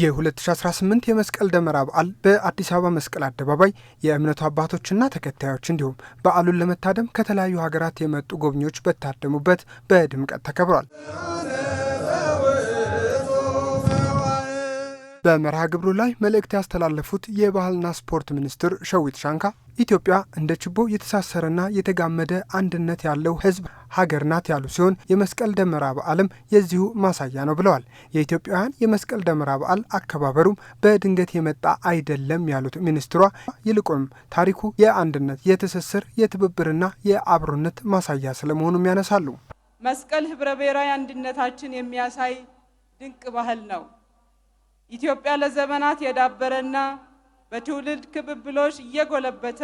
የ2018 የመስቀል ደመራ በዓል በአዲስ አበባ መስቀል አደባባይ የእምነቱ አባቶችና ተከታዮች እንዲሁም በዓሉን ለመታደም ከተለያዩ ሀገራት የመጡ ጎብኚዎች በታደሙበት በድምቀት ተከብሯል። በመርሃ ግብሩ ላይ መልእክት ያስተላለፉት የባህልና ስፖርት ሚኒስትር ሸዊት ሻንካ ኢትዮጵያ እንደ ችቦ የተሳሰረና የተጋመደ አንድነት ያለው ህዝብ ሀገር ናት ያሉ ሲሆን የመስቀል ደመራ በዓልም የዚሁ ማሳያ ነው ብለዋል። የኢትዮጵያውያን የመስቀል ደመራ በዓል አከባበሩም በድንገት የመጣ አይደለም ያሉት ሚኒስትሯ ይልቁንም ታሪኩ የአንድነት፣ የትስስር፣ የትብብርና የአብሮነት ማሳያ ስለመሆኑም ያነሳሉ። መስቀል ህብረ ብሔራዊ አንድነታችን የሚያሳይ ድንቅ ባህል ነው። ኢትዮጵያ ለዘመናት የዳበረና በትውልድ ክብብሎች እየጎለበተ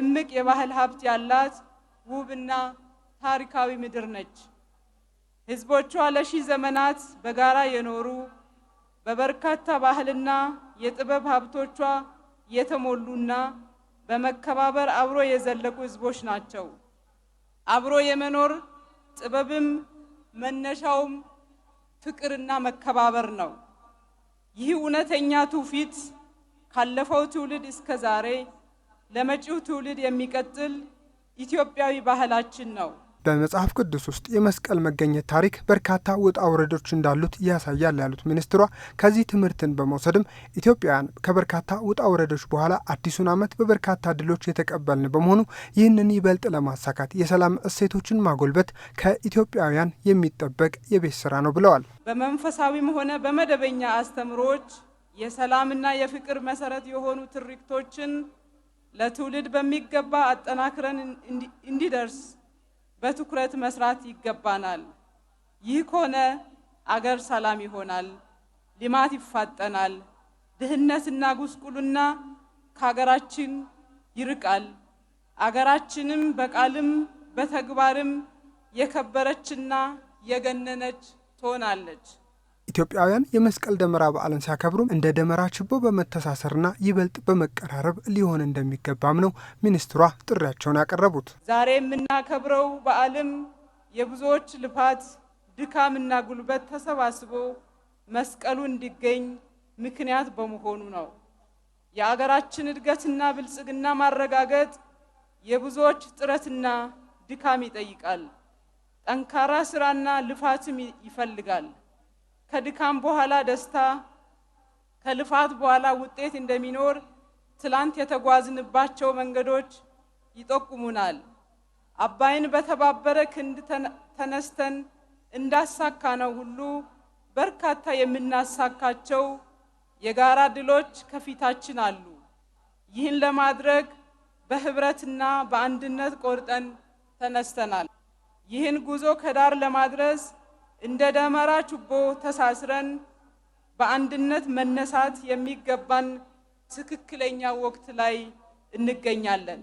እምቅ የባህል ሀብት ያላት ውብና ታሪካዊ ምድር ነች። ሕዝቦቿ ለሺ ዘመናት በጋራ የኖሩ በበርካታ ባህልና የጥበብ ሀብቶቿ የተሞሉና በመከባበር አብሮ የዘለቁ ሕዝቦች ናቸው። አብሮ የመኖር ጥበብም መነሻውም ፍቅርና መከባበር ነው። ይህ እውነተኛ ትውፊት ካለፈው ትውልድ እስከ ዛሬ ለመጪው ትውልድ የሚቀጥል ኢትዮጵያዊ ባህላችን ነው። በመጽሐፍ ቅዱስ ውስጥ የመስቀል መገኘት ታሪክ በርካታ ውጣ ውረዶች እንዳሉት ያሳያል ያሉት ሚኒስትሯ ከዚህ ትምህርትን በመውሰድም ኢትዮጵያውያን ከበርካታ ውጣ ውረዶች በኋላ አዲሱን ዓመት በበርካታ ድሎች የተቀበልን በመሆኑ ይህንን ይበልጥ ለማሳካት የሰላም እሴቶችን ማጎልበት ከኢትዮጵያውያን የሚጠበቅ የቤት ስራ ነው ብለዋል። በመንፈሳዊም ሆነ በመደበኛ አስተምሮዎች የሰላምና የፍቅር መሰረት የሆኑ ትርክቶችን ለትውልድ በሚገባ አጠናክረን እንዲደርስ በትኩረት መስራት ይገባናል። ይህ ከሆነ አገር ሰላም ይሆናል፣ ልማት ይፋጠናል፣ ድህነትና ጉስቁልና ከሀገራችን ይርቃል። አገራችንም በቃልም በተግባርም የከበረችና የገነነች ትሆናለች። ኢትዮጵያውያን የመስቀል ደመራ በዓልን ሲያከብሩ እንደ ደመራ ችቦ በመተሳሰርና ይበልጥ በመቀራረብ ሊሆን እንደሚገባም ነው ሚኒስትሯ ጥሪያቸውን ያቀረቡት። ዛሬ የምናከብረው በዓልም የብዙዎች ልፋት ድካምና ጉልበት ተሰባስቦ መስቀሉ እንዲገኝ ምክንያት በመሆኑ ነው። የአገራችን እድገትና ብልጽግና ማረጋገጥ የብዙዎች ጥረትና ድካም ይጠይቃል። ጠንካራ ስራና ልፋትም ይፈልጋል። ከድካም በኋላ ደስታ፣ ከልፋት በኋላ ውጤት እንደሚኖር ትላንት የተጓዝንባቸው መንገዶች ይጠቁሙናል። አባይን በተባበረ ክንድ ተነስተን እንዳሳካ ነው ሁሉ በርካታ የምናሳካቸው የጋራ ድሎች ከፊታችን አሉ። ይህን ለማድረግ በህብረትና በአንድነት ቆርጠን ተነስተናል። ይህን ጉዞ ከዳር ለማድረስ እንደ ደመራ ችቦ ተሳስረን በአንድነት መነሳት የሚገባን ትክክለኛ ወቅት ላይ እንገኛለን።